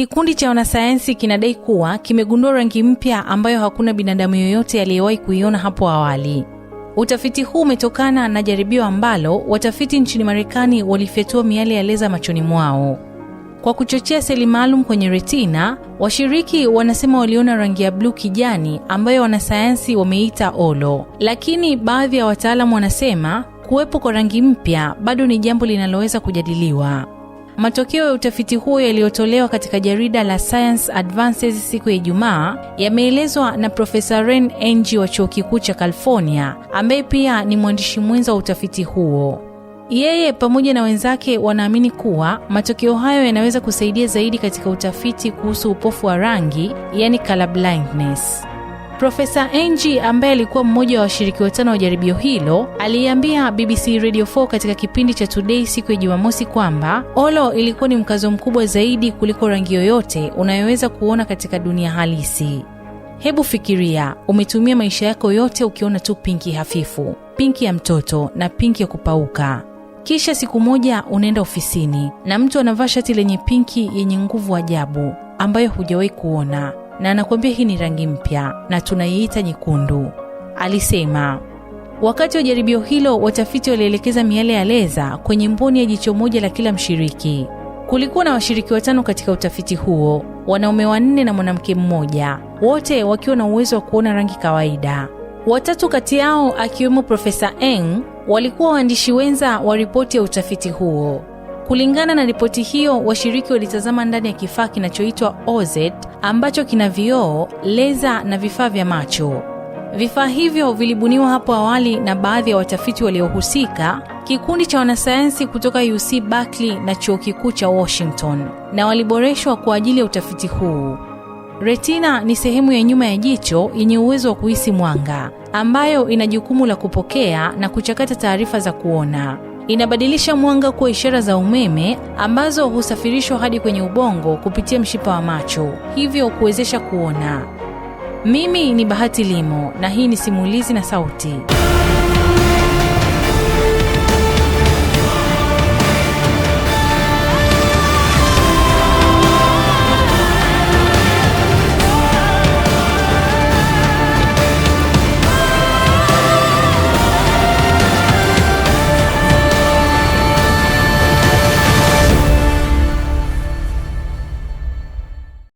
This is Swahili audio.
Kikundi cha wanasayansi kinadai kuwa kimegundua rangi mpya ambayo hakuna binadamu yoyote aliyewahi kuiona hapo awali. Utafiti huu umetokana na jaribio ambalo watafiti nchini Marekani walifyatua miale ya leza machoni mwao kwa kuchochea seli maalum kwenye retina. Washiriki wanasema waliona rangi ya bluu kijani ambayo wanasayansi wameita olo, lakini baadhi ya wataalamu wanasema kuwepo kwa rangi mpya bado ni jambo linaloweza kujadiliwa. Matokeo ya utafiti huo yaliyotolewa katika jarida la Science Advances siku ya Ijumaa yameelezwa na Profesa Ren engi wa Chuo Kikuu cha California ambaye pia ni mwandishi mwenza wa utafiti huo. Yeye pamoja na wenzake wanaamini kuwa matokeo hayo yanaweza kusaidia zaidi katika utafiti kuhusu upofu wa rangi, yani color blindness. Profesa Angie ambaye alikuwa mmoja wa washiriki watano wa jaribio hilo aliambia BBC Radio 4 katika kipindi cha Today siku ya Jumamosi kwamba olo ilikuwa ni mkazo mkubwa zaidi kuliko rangi yoyote unayoweza kuona katika dunia halisi. Hebu fikiria, umetumia maisha yako yote ukiona tu pinki hafifu, pinki ya mtoto na pinki ya kupauka. Kisha siku moja unaenda ofisini na mtu anavaa shati lenye pinki yenye nguvu ajabu ambayo hujawahi kuona na anakuambia hii ni rangi mpya na tunaiita nyekundu. Alisema wakati wa jaribio hilo, watafiti walielekeza miale ya leza kwenye mboni ya jicho moja la kila mshiriki. Kulikuwa na washiriki watano katika utafiti huo, wanaume wanne na mwanamke mmoja, wote wakiwa na uwezo wa kuona rangi kawaida. Watatu kati yao akiwemo Profesa Eng walikuwa waandishi wenza wa ripoti ya utafiti huo. Kulingana na ripoti hiyo, washiriki walitazama ndani ya kifaa kinachoitwa OZ ambacho kina vioo, leza na vifaa vya macho. Vifaa hivyo vilibuniwa hapo awali na baadhi ya watafiti waliohusika, kikundi cha wanasayansi kutoka UC Berkeley na Chuo Kikuu cha Washington, na waliboreshwa kwa ajili ya utafiti huu. Retina ni sehemu ya nyuma ya jicho yenye uwezo wa kuhisi mwanga, ambayo ina jukumu la kupokea na kuchakata taarifa za kuona inabadilisha mwanga kuwa ishara za umeme ambazo husafirishwa hadi kwenye ubongo kupitia mshipa wa macho, hivyo kuwezesha kuona. Mimi ni Bahati Limo na hii ni Simulizi na Sauti.